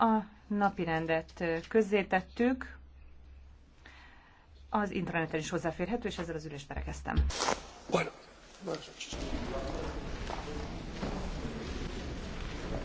A napirendet közzétettük, az interneten is hozzáférhető, és ezzel az ülést berekeztem. Bueno.